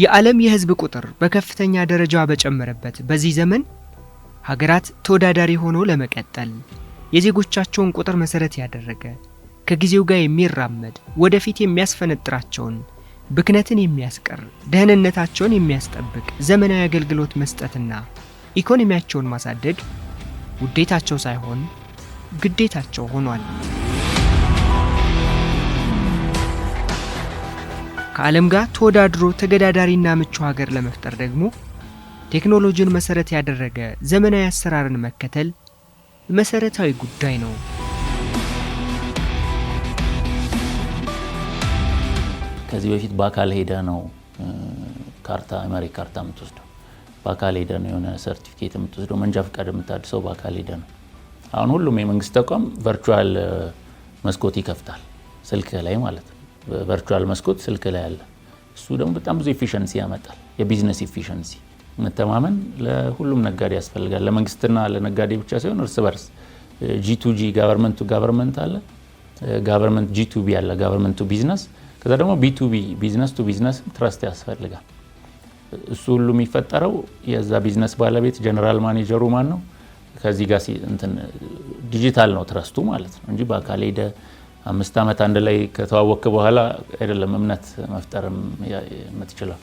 የዓለም የህዝብ ቁጥር በከፍተኛ ደረጃ በጨመረበት በዚህ ዘመን ሀገራት ተወዳዳሪ ሆኖ ለመቀጠል የዜጎቻቸውን ቁጥር መሰረት ያደረገ ከጊዜው ጋር የሚራመድ ወደፊት የሚያስፈነጥራቸውን ብክነትን የሚያስቀር ደህንነታቸውን የሚያስጠብቅ ዘመናዊ አገልግሎት መስጠትና ኢኮኖሚያቸውን ማሳደግ ውዴታቸው ሳይሆን ግዴታቸው ሆኗል። ከዓለም ጋር ተወዳድሮ ተገዳዳሪና ምቹ ሀገር ለመፍጠር ደግሞ ቴክኖሎጂን መሰረት ያደረገ ዘመናዊ አሰራርን መከተል መሰረታዊ ጉዳይ ነው። ከዚህ በፊት በአካል ሄደ ነው ካርታ መሪ ካርታ የምትወስደው በአካል ሄደ ነው። የሆነ ሰርቲፊኬት የምትወስደው መንጃ ፈቃድ የምታድሰው በአካል ሄደ ነው። አሁን ሁሉም የመንግስት ተቋም ቨርቹዋል መስኮት ይከፍታል ስልክ ላይ ማለት ነው። በቨርቹዋል መስኮት ስልክ ላይ አለ። እሱ ደግሞ በጣም ብዙ ኤፊሽንሲ ያመጣል። የቢዝነስ ኤፊሽንሲ መተማመን ለሁሉም ነጋዴ ያስፈልጋል። ለመንግስትና ለነጋዴ ብቻ ሳይሆን እርስ በርስ ጂቱጂ ጋቨርንመንቱ ጋቨርንመንት አለ፣ ጋቨርመንት ጂቱቢ አለ፣ ጋቨርንመንቱ ቢዝነስ፣ ከዛ ደግሞ ቢቱቢ ቢዝነስ ቱ ቢዝነስ ትረስት ያስፈልጋል። እሱ ሁሉ የሚፈጠረው የዛ ቢዝነስ ባለቤት ጀነራል ማኔጀሩ ማን ነው ከዚህ ጋር ዲጂታል ነው ትረስቱ ማለት ነው እንጂ በአካል ሄደ አምስት ዓመት አንድ ላይ ከተዋወቅክ በኋላ አይደለም እምነት መፍጠር የምትችለው፣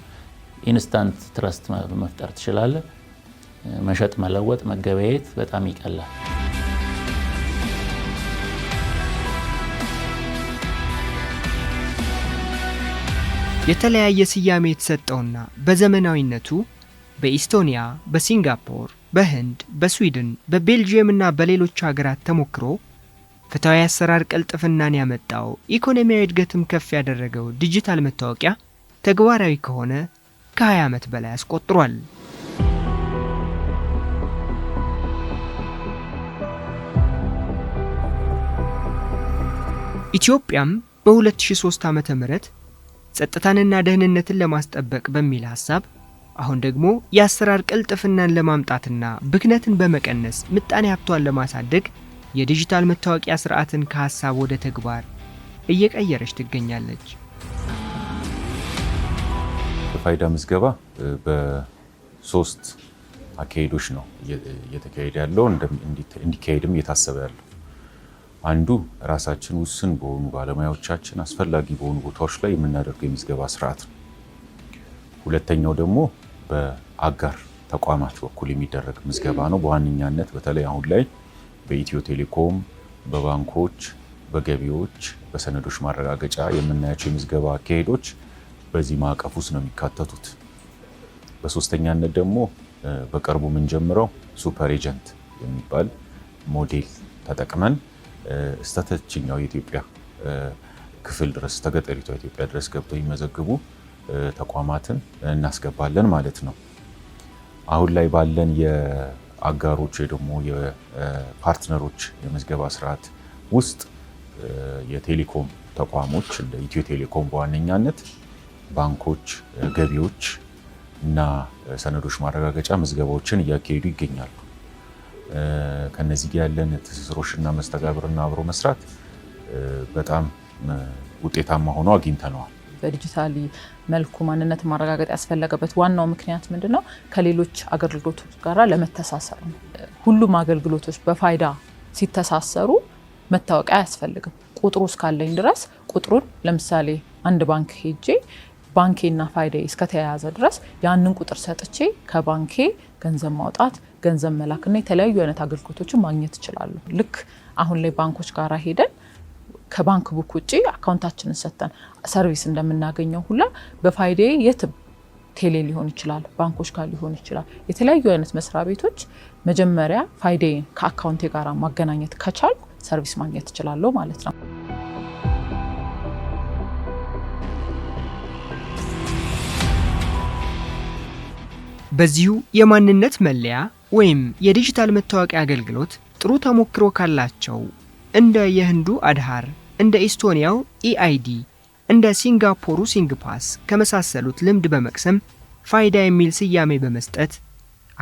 ኢንስታንት ትረስት መፍጠር ትችላለ መሸጥ፣ መለወጥ፣ መገበያየት በጣም ይቀላል። የተለያየ ስያሜ የተሰጠውና በዘመናዊነቱ በኢስቶኒያ፣ በሲንጋፖር፣ በህንድ፣ በስዊድን፣ በቤልጅየም እና በሌሎች ሀገራት ተሞክሮ ፍትሐዊ አሰራር ቅልጥፍናን ያመጣው፣ ኢኮኖሚያዊ እድገትም ከፍ ያደረገው ዲጂታል መታወቂያ ተግባራዊ ከሆነ ከ20 ዓመት በላይ አስቆጥሯል። ኢትዮጵያም በ2003 ዓ ም ጸጥታንና ደህንነትን ለማስጠበቅ በሚል ሐሳብ አሁን ደግሞ የአሰራር ቅልጥፍናን ለማምጣትና ብክነትን በመቀነስ ምጣኔ ሀብቷን ለማሳደግ የዲጂታል መታወቂያ ስርዓትን ከሐሳብ ወደ ተግባር እየቀየረች ትገኛለች። የፋይዳ ምዝገባ በሶስት አካሄዶች ነው እየተካሄደ ያለው እንዲካሄድም እየታሰበ ያለው። አንዱ ራሳችን ውስን በሆኑ ባለሙያዎቻችን አስፈላጊ በሆኑ ቦታዎች ላይ የምናደርገው የምዝገባ ስርዓት ነው። ሁለተኛው ደግሞ በአጋር ተቋማት በኩል የሚደረግ ምዝገባ ነው። በዋነኛነት በተለይ አሁን ላይ በኢትዮ ቴሌኮም፣ በባንኮች፣ በገቢዎች፣ በሰነዶች ማረጋገጫ የምናያቸው የምዝገባ አካሄዶች በዚህ ማዕቀፍ ውስጥ ነው የሚካተቱት። በሶስተኛነት ደግሞ በቅርቡ የምንጀምረው ሱፐር ኤጀንት የሚባል ሞዴል ተጠቅመን እስተተችኛው የኢትዮጵያ ክፍል ድረስ ተገጠሪቷ ኢትዮጵያ ድረስ ገብተው የሚመዘግቡ ተቋማትን እናስገባለን ማለት ነው። አሁን ላይ ባለን አጋሮች ወይ ደግሞ የፓርትነሮች የምዝገባ ስርዓት ውስጥ የቴሌኮም ተቋሞች እንደ ኢትዮ ቴሌኮም በዋነኛነት ባንኮች፣ ገቢዎች እና ሰነዶች ማረጋገጫ ምዝገባዎችን እያካሄዱ ይገኛሉ። ከነዚህ ጋር ያለን እና መስተጋብርና አብሮ መስራት በጣም ውጤታማ ሆኖ አግኝተነዋል። በዲጂታል መልኩ ማንነት ማረጋገጥ ያስፈለገበት ዋናው ምክንያት ምንድን ነው? ከሌሎች አገልግሎቶች ጋራ ለመተሳሰር ነው። ሁሉም አገልግሎቶች በፋይዳ ሲተሳሰሩ መታወቂያ አያስፈልግም። ቁጥሩ እስካለኝ ድረስ ቁጥሩን ለምሳሌ አንድ ባንክ ሄጄ ባንኬና ፋይዳ እስከተያያዘ ድረስ ያንን ቁጥር ሰጥቼ ከባንኬ ገንዘብ ማውጣት፣ ገንዘብ መላክና የተለያዩ አይነት አገልግሎቶችን ማግኘት ይችላሉ። ልክ አሁን ላይ ባንኮች ጋር ሄደን ከባንክ ቡክ ውጭ አካውንታችንን ሰጥተን ሰርቪስ እንደምናገኘው ሁላ በፋይዴ የትም ቴሌ ሊሆን ይችላል፣ ባንኮች ጋር ሊሆን ይችላል። የተለያዩ አይነት መስሪያ ቤቶች መጀመሪያ ፋይዴን ከአካውንቴ ጋር ማገናኘት ከቻል ሰርቪስ ማግኘት እችላለሁ ማለት ነው። በዚሁ የማንነት መለያ ወይም የዲጂታል መታወቂያ አገልግሎት ጥሩ ተሞክሮ ካላቸው እንደ የህንዱ አድሃር፣ እንደ ኢስቶኒያው ኢአይዲ፣ e እንደ ሲንጋፖሩ ሲንግፓስ ከመሳሰሉት ልምድ በመቅሰም ፋይዳ የሚል ስያሜ በመስጠት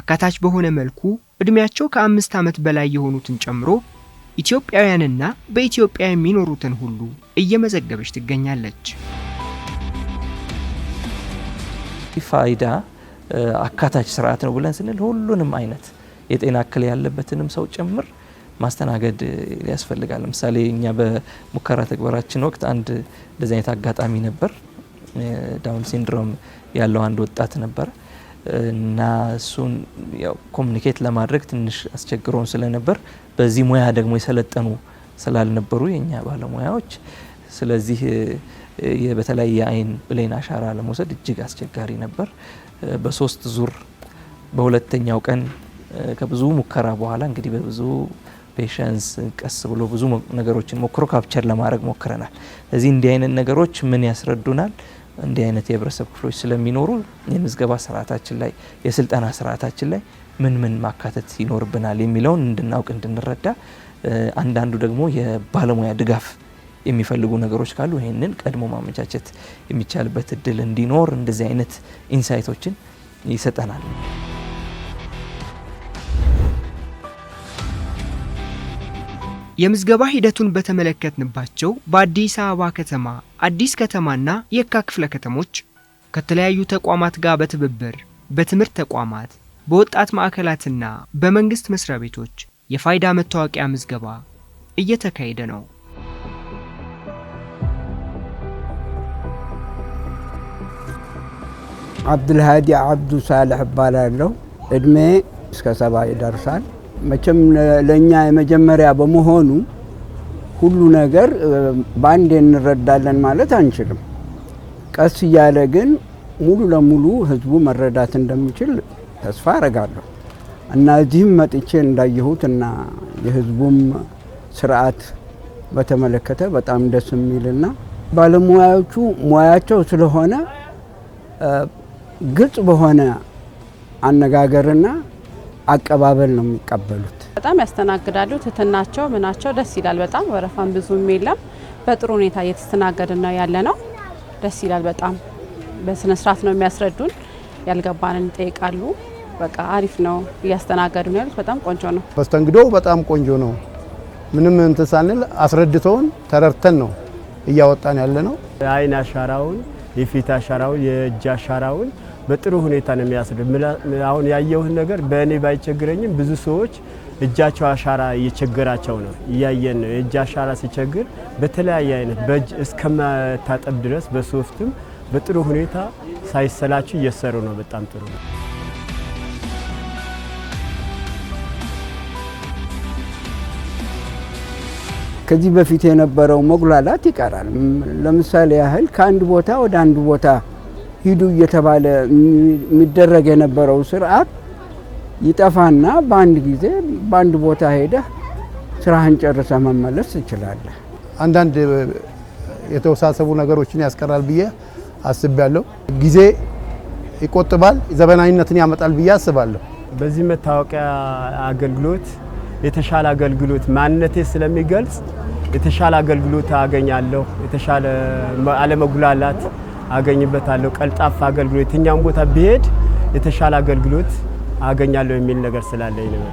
አካታች በሆነ መልኩ ዕድሜያቸው ከአምስት ዓመት በላይ የሆኑትን ጨምሮ ኢትዮጵያውያንና በኢትዮጵያ የሚኖሩትን ሁሉ እየመዘገበች ትገኛለች። ፋይዳ አካታች ስርዓት ነው ብለን ስንል ሁሉንም አይነት የጤና እክል ያለበትንም ሰው ጭምር ማስተናገድ ያስፈልጋል። ለምሳሌ እኛ በሙከራ ተግባራችን ወቅት አንድ እንደዚህ አይነት አጋጣሚ ነበር። ዳውን ሲንድሮም ያለው አንድ ወጣት ነበር እና እሱን ኮሚኒኬት ለማድረግ ትንሽ አስቸግሮን ስለነበር በዚህ ሙያ ደግሞ የሰለጠኑ ስላልነበሩ የእኛ ባለሙያዎች ስለዚህ በተለያየ አይን ብሌን አሻራ ለመውሰድ እጅግ አስቸጋሪ ነበር። በሶስት ዙር በሁለተኛው ቀን ከብዙ ሙከራ በኋላ እንግዲህ በብዙ ፔሸንስ ቀስ ብሎ ብዙ ነገሮችን ሞክሮ ካፕቸር ለማድረግ ሞክረናል። ስለዚህ እንዲህ አይነት ነገሮች ምን ያስረዱናል? እንዲህ አይነት የህብረተሰብ ክፍሎች ስለሚኖሩ የምዝገባ ስርዓታችን ላይ የስልጠና ስርዓታችን ላይ ምን ምን ማካተት ይኖርብናል የሚለውን እንድናውቅ እንድንረዳ፣ አንዳንዱ ደግሞ የባለሙያ ድጋፍ የሚፈልጉ ነገሮች ካሉ ይህንን ቀድሞ ማመቻቸት የሚቻልበት እድል እንዲኖር እንደዚህ አይነት ኢንሳይቶችን ይሰጠናል። የምዝገባ ሂደቱን በተመለከትንባቸው በአዲስ አበባ ከተማ አዲስ ከተማና የካ ክፍለ ከተሞች ከተለያዩ ተቋማት ጋር በትብብር በትምህርት ተቋማት፣ በወጣት ማዕከላትና በመንግስት መስሪያ ቤቶች የፋይዳ መታወቂያ ምዝገባ እየተካሄደ ነው። አብዱልሃዲ አብዱ ሳልሕ እባላለሁ። ዕድሜ እስከ ሰባ ይደርሳል። መቼም ለእኛ የመጀመሪያ በመሆኑ ሁሉ ነገር በአንዴ እንረዳለን ማለት አንችልም። ቀስ እያለ ግን ሙሉ ለሙሉ ህዝቡ መረዳት እንደሚችል ተስፋ አረጋለሁ እና እዚህም መጥቼ እንዳየሁት እና የህዝቡም ስርዓት በተመለከተ በጣም ደስ የሚልና ባለሙያዎቹ ሙያቸው ስለሆነ ግልጽ በሆነ አነጋገርና አቀባበል ነው የሚቀበሉት። በጣም ያስተናግዳሉ። ትትናቸው ምናቸው ደስ ይላል። በጣም ወረፋን ብዙም የለም። በጥሩ ሁኔታ እየተስተናገድን ነው ያለ ነው። ደስ ይላል። በጣም በስነ ስርዓት ነው የሚያስረዱን። ያልገባንን ይጠይቃሉ። በቃ አሪፍ ነው እያስተናገዱ ነው ያሉት። በጣም ቆንጆ ነው መስተንግዶው። በጣም ቆንጆ ነው። ምንም እንትን ሳንል አስረድተውን ተረድተን ነው እያወጣን ያለ ነው። የአይን አሻራውን፣ የፊት አሻራውን፣ የእጅ አሻራውን በጥሩ ሁኔታ ነው የሚያስደ አሁን ያየሁት ነገር በእኔ ባይቸግረኝም ብዙ ሰዎች እጃቸው አሻራ እየቸገራቸው ነው እያየን ነው። የእጅ አሻራ ሲቸግር በተለያየ አይነት በእጅ እስከመታጠብ ድረስ በሶፍትም በጥሩ ሁኔታ ሳይሰላችሁ እየሰሩ ነው። በጣም ጥሩ ነው። ከዚህ በፊት የነበረው መጉላላት ይቀራል። ለምሳሌ ያህል ከአንድ ቦታ ወደ አንድ ቦታ ሂዱ እየተባለ የሚደረግ የነበረው ስርዓት ይጠፋና በአንድ ጊዜ በአንድ ቦታ ሄደህ ስራህን ጨርሰ መመለስ ትችላለህ። አንዳንድ የተወሳሰቡ ነገሮችን ያስቀራል ብዬ አስቤያለሁ። ጊዜ ይቆጥባል፣ ዘመናዊነትን ያመጣል ብዬ አስባለሁ። በዚህ መታወቂያ አገልግሎት የተሻለ አገልግሎት ማንነቴ ስለሚገልጽ የተሻለ አገልግሎት አገኛለሁ። የተሻለ አለመጉላላት አገኝበታለሁ። ቀልጣፋ አገልግሎት፣ የትኛውን ቦታ ብሄድ የተሻለ አገልግሎት አገኛለሁ የሚል ነገር ስላለኝ ነው።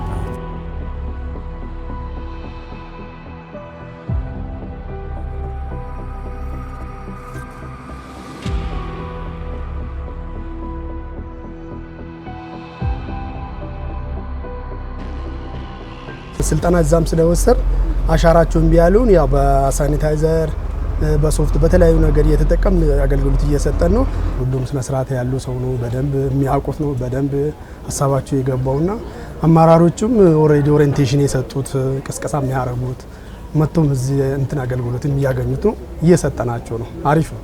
ስልጠና እዛም ስለወሰድ አሻራቸውን ቢያሉን ያው በሳኒታይዘር በሶፍት በተለያዩ ነገር እየተጠቀም አገልግሎት እየሰጠን ነው። ሁሉም ስነስርዓት ያለው ሰው ነው፣ በደንብ የሚያውቁት ነው፣ በደንብ ሀሳባቸው የገባውና አመራሮቹም ኦልሬዲ ኦሪንቴሽን የሰጡት ቅስቀሳ የሚያደርጉት መጥቶም እዚህ እንትን አገልግሎት የሚያገኙት ነው፣ እየሰጠናቸው ነው። አሪፍ ነው።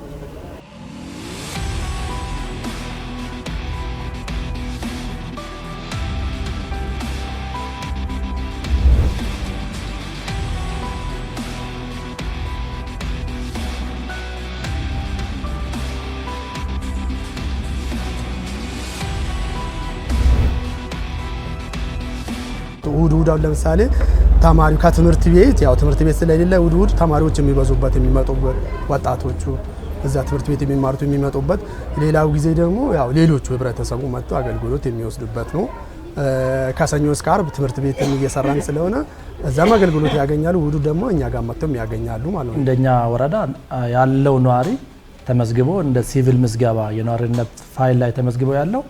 እሑድ አሁን ለምሳሌ ተማሪው ከትምህርት ቤት ያው ትምህርት ቤት ስለሌለ ውድ ውድ ተማሪዎች የሚበዙበት የሚመጡበት ወጣቶቹ እዛ ትምህርት ቤት የሚማሩት የሚመጡበት፣ ሌላው ጊዜ ደግሞ ያው ሌሎቹ ህብረተሰቡ መጥቶ አገልግሎት የሚወስዱበት ነው። ከሰኞ እስከ አርብ ትምህርት ቤት እየሰራን ስለሆነ እዛም አገልግሎት ያገኛሉ። ውዱ ደግሞ እኛ ጋር መጥተውም ያገኛሉ ማለት ነው። እንደኛ ወረዳ ያለው ነዋሪ ተመዝግቦ እንደ ሲቪል ምዝገባ የነዋሪነት ፋይል ላይ ተመዝግቦ ያለው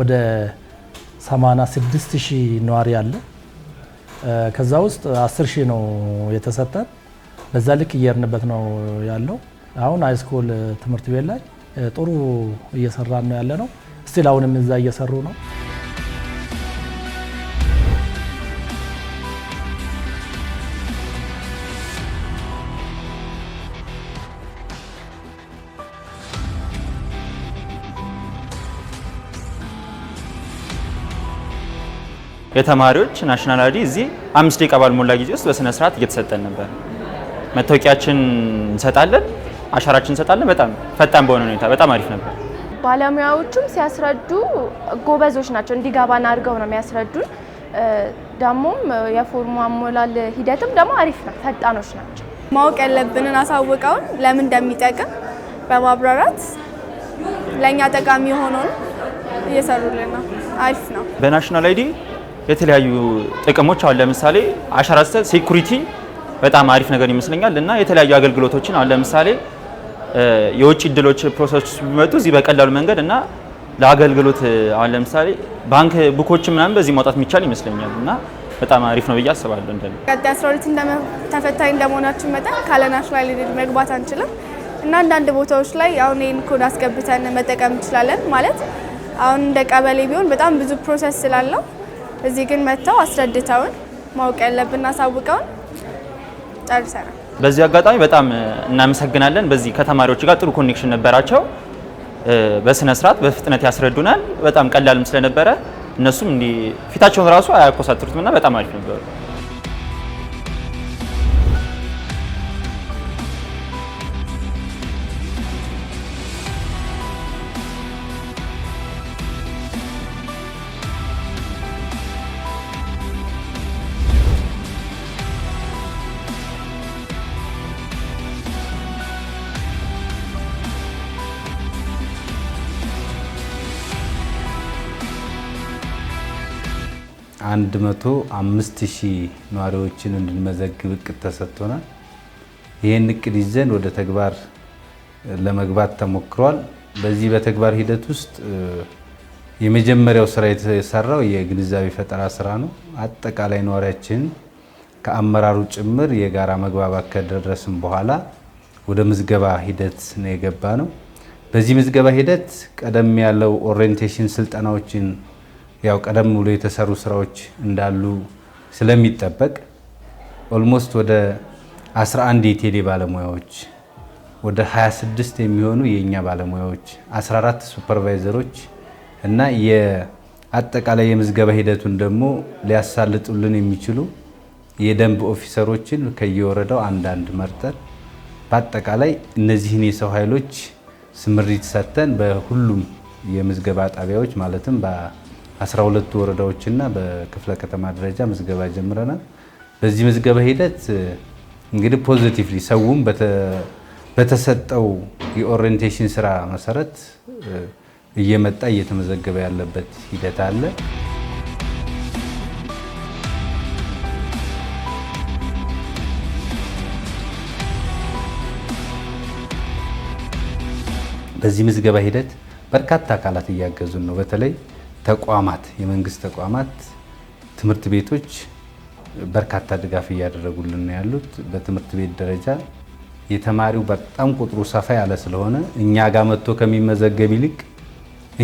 ወደ 86 ሺህ ነዋሪ አለ። ከዛ ውስጥ አስር ሺህ ነው የተሰጠን። በዛ ልክ እየርንበት ነው ያለው። አሁን ሃይስኩል ትምህርት ቤት ላይ ጥሩ እየሰራን ነው ያለ ነው። ስቲል አሁንም እዛ እየሰሩ ነው። የተማሪዎች ናሽናል አይዲ እዚህ አምስት ደቂቃ ባልሞላ ጊዜ ውስጥ በስነ ስርዓት እየተሰጠን ነበር። መታወቂያችን እንሰጣለን፣ አሻራችን እንሰጣለን። በጣም ፈጣን በሆነ ሁኔታ በጣም አሪፍ ነበር። ባለሙያዎቹም ሲያስረዱ ጎበዞች ናቸው። እንዲገባን አድርገው ነው የሚያስረዱን። ደግሞም የፎርሙ አሞላል ሂደትም ደግሞ አሪፍ ነው። ፈጣኖች ናቸው። ማወቅ ያለብንን አሳውቀውን ለምን እንደሚጠቅም በማብራራት ለእኛ ጠቃሚ የሆነውን እየሰሩልን ነው። አሪፍ ነው። በናሽናል አይዲ የተለያዩ ጥቅሞች አሁን ለምሳሌ አሻራ ስተ ሴኩሪቲ በጣም አሪፍ ነገር ይመስለኛል እና የተለያዩ አገልግሎቶችን አሁን ለምሳሌ የውጭ እድሎች ፕሮሰሶች ቢመጡ እዚህ በቀላሉ መንገድ እና ለአገልግሎት አሁን ለምሳሌ ባንክ ቡኮች ምናምን በዚህ ማውጣት የሚቻል ይመስለኛል እና በጣም አሪፍ ነው ብዬ አስባለሁ። እንደ ቀጣይ አስራ ሁለት ተፈታኝ እንደመሆናችን መጠን ካለ ናሽናል አይዲ መግባት አንችልም እና አንዳንድ ቦታዎች ላይ አሁን ይህን ኮድ አስገብተን መጠቀም እንችላለን። ማለት አሁን እንደ ቀበሌ ቢሆን በጣም ብዙ ፕሮሰስ ስላለው እዚህ ግን መጥተው አስረድተውን ማወቅ ያለብን አሳውቀውን ጨርሰናል። በዚህ አጋጣሚ በጣም እናመሰግናለን። በዚህ ከተማሪዎች ጋር ጥሩ ኮኔክሽን ነበራቸው። በስነ ስርዓት በፍጥነት ያስረዱናል። በጣም ቀላልም ስለነበረ እነሱም እንዲህ ፊታቸውን ራሱ አያኮሳትሩትምና በጣም አሪፍ ነበሩ። አንድ መቶ አምስት ሺህ ነዋሪዎችን እንድንመዘግብ እቅድ ተሰጥቶናል። ይህን እቅድ ይዘን ወደ ተግባር ለመግባት ተሞክሯል። በዚህ በተግባር ሂደት ውስጥ የመጀመሪያው ስራ የተሰራው የግንዛቤ ፈጠራ ስራ ነው። አጠቃላይ ነዋሪያችን ከአመራሩ ጭምር የጋራ መግባባት ከደረስን በኋላ ወደ ምዝገባ ሂደት ነው የገባ ነው። በዚህ ምዝገባ ሂደት ቀደም ያለው ኦሪንቴሽን ስልጠናዎችን ያው ቀደም ብሎ የተሰሩ ስራዎች እንዳሉ ስለሚጠበቅ ኦልሞስት ወደ 11 የቴሌ ባለሙያዎች ወደ 26 የሚሆኑ የእኛ ባለሙያዎች 14 ሱፐርቫይዘሮች እና የአጠቃላይ የምዝገባ ሂደቱን ደግሞ ሊያሳልጡልን የሚችሉ የደንብ ኦፊሰሮችን ከየወረዳው አንዳንድ መርጠን በአጠቃላይ እነዚህን የሰው ኃይሎች ስምሪት ሰጥተን በሁሉም የምዝገባ ጣቢያዎች ማለትም 12 ወረዳዎችና በክፍለ ከተማ ደረጃ ምዝገባ ጀምረናል። በዚህ ምዝገባ ሂደት እንግዲህ ፖዚቲቭሊ ሰውም በተሰጠው የኦሪየንቴሽን ስራ መሰረት እየመጣ እየተመዘገበ ያለበት ሂደት አለ። በዚህ ምዝገባ ሂደት በርካታ አካላት እያገዙን ነው። በተለይ ተቋማት የመንግስት ተቋማት ትምህርት ቤቶች በርካታ ድጋፍ እያደረጉልን ነው ያሉት። በትምህርት ቤት ደረጃ የተማሪው በጣም ቁጥሩ ሰፋ ያለ ስለሆነ እኛ ጋር መጥቶ ከሚመዘገብ ይልቅ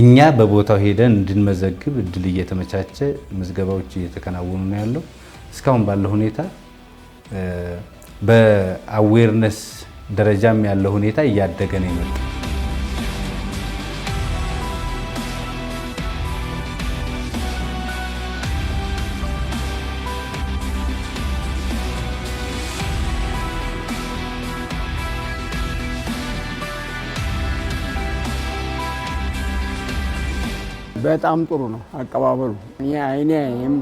እኛ በቦታው ሄደን እንድንመዘግብ እድል እየተመቻቸ ምዝገባዎች እየተከናወኑ ነው ያለው። እስካሁን ባለው ሁኔታ በአዌርነስ ደረጃም ያለው ሁኔታ እያደገ ነው ይመጣል። በጣም ጥሩ ነው አቀባበሉ። እኔ አይኔ አይም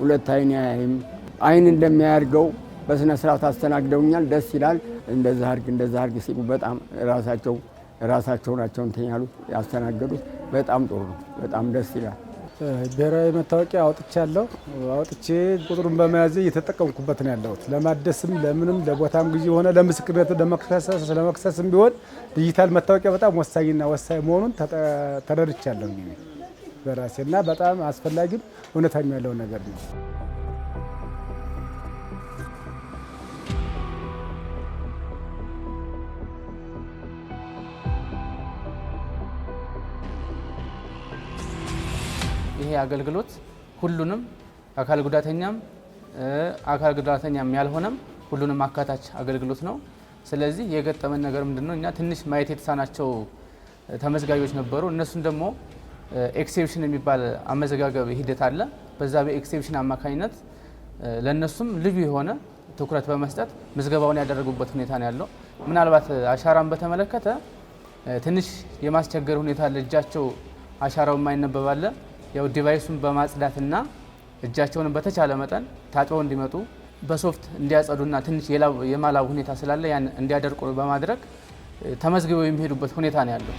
ሁለት አይኔ አይም አይን እንደሚያደርገው በስነ ስርዓት አስተናግደውኛል። ደስ ይላል። እንደዛ አድርግ እንደዛ አድርግ ሲሉ በጣም ራሳቸው ራሳቸው ናቸው እንትን ያሉት ያስተናገዱት። በጣም ጥሩ ነው። በጣም ደስ ይላል። ብሔራዊ መታወቂያ አውጥቻለሁ። አውጥቼ ቁጥሩን በመያዝ እየተጠቀምኩበት ነው ያለሁት። ለማደስም ለምንም ለቦታም ጊዜ ሆነ ለምስክርነት ለመክሰስም ቢሆን ዲጂታል መታወቂያ በጣም ወሳኝና ወሳኝ መሆኑን ተረድቻለሁ በራሴና በጣም አስፈላጊም እውነታም ያለው ነገር ነው። ይሄ አገልግሎት ሁሉንም አካል ጉዳተኛም አካል ጉዳተኛም ያልሆነም ሁሉንም አካታች አገልግሎት ነው። ስለዚህ የገጠመን ነገር ምንድነው? እኛ ትንሽ ማየት የተሳናቸው ተመዝጋቢዎች ነበሩ። እነሱን ደግሞ ኤክሴፕሽን የሚባል አመዘጋገብ ሂደት አለ። በዛ በኤክሴፕሽን አማካኝነት ለእነሱም ልዩ የሆነ ትኩረት በመስጠት ምዝገባውን ያደረጉበት ሁኔታ ነው ያለው። ምናልባት አሻራን በተመለከተ ትንሽ የማስቸገር ሁኔታ ለእጃቸው አሻራው የማይነበባለ ያው ዲቫይሱን በማጽዳትና እጃቸውን በተቻለ መጠን ታጥበው እንዲመጡ በሶፍት እንዲያጸዱና ትንሽ የማላብ ሁኔታ ስላለ ያን እንዲያደርቁ በማድረግ ተመዝግበው የሚሄዱበት ሁኔታ ነው ያለው።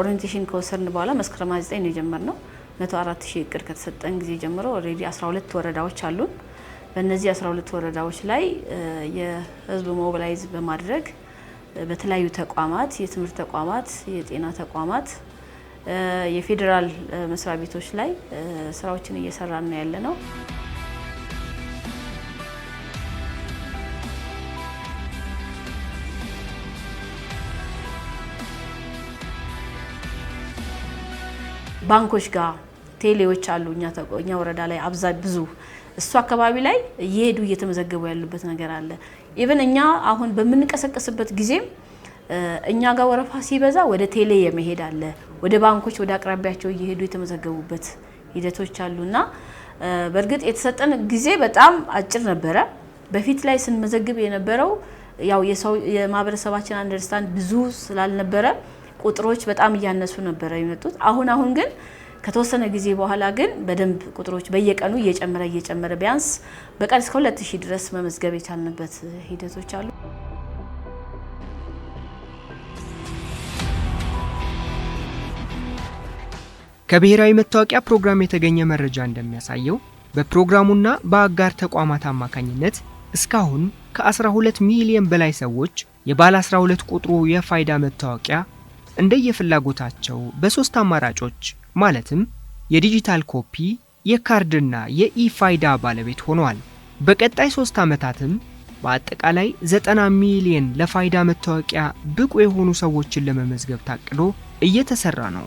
ኦሪንቴሽን ከወሰድን በኋላ መስከረም 9 ነው የጀመርነው። 104 ሺህ እቅድ ከተሰጠን ጊዜ ጀምሮ ኦልሬዲ 12 ወረዳዎች አሉን። በእነዚህ 12 ወረዳዎች ላይ የህዝብ ሞቢላይዝ በማድረግ በተለያዩ ተቋማት፣ የትምህርት ተቋማት፣ የጤና ተቋማት፣ የፌዴራል መስሪያ ቤቶች ላይ ስራዎችን እየሰራን ነው ያለ ነው። ባንኮች ጋር ቴሌዎች አሉ እኛ ወረዳ ላይ አብዛ ብዙ እሱ አካባቢ ላይ እየሄዱ እየተመዘገቡ ያሉበት ነገር አለ። ኢቨን እኛ አሁን በምንቀሰቀስበት ጊዜም እኛ ጋር ወረፋ ሲበዛ ወደ ቴሌ የመሄድ አለ፣ ወደ ባንኮች ወደ አቅራቢያቸው እየሄዱ የተመዘገቡበት ሂደቶች አሉና በእርግጥ የተሰጠን ጊዜ በጣም አጭር ነበረ። በፊት ላይ ስንመዘግብ የነበረው ያው የሰው የማህበረሰባችን አንደርስታንድ ብዙ ስላልነበረ ቁጥሮች በጣም እያነሱ ነበረ የመጡት። አሁን አሁን ግን ከተወሰነ ጊዜ በኋላ ግን በደንብ ቁጥሮች በየቀኑ እየጨመረ እየጨመረ ቢያንስ በቀን እስከ ሁለት ሺህ ድረስ መመዝገብ የቻልንበት ሂደቶች አሉ። ከብሔራዊ መታወቂያ ፕሮግራም የተገኘ መረጃ እንደሚያሳየው በፕሮግራሙና በአጋር ተቋማት አማካኝነት እስካሁን ከ12 ሚሊዮን በላይ ሰዎች የባለ 12 ቁጥሩ የፋይዳ መታወቂያ እንደየፍላጎታቸው በሶስት አማራጮች ማለትም የዲጂታል ኮፒ፣ የካርድና የኢፋይዳ ባለቤት ሆነዋል። በቀጣይ ሶስት ዓመታትም በአጠቃላይ 90 ሚሊየን ለፋይዳ መታወቂያ ብቁ የሆኑ ሰዎችን ለመመዝገብ ታቅዶ እየተሰራ ነው።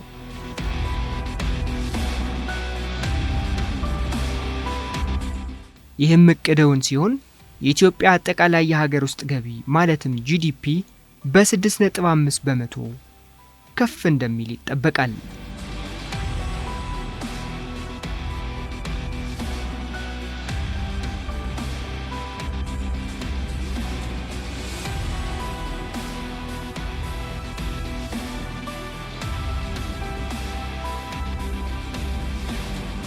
ይህም እቅደውን ሲሆን የኢትዮጵያ አጠቃላይ የሀገር ውስጥ ገቢ ማለትም ጂዲፒ በ6.5 በመቶ ከፍ እንደሚል ይጠበቃል።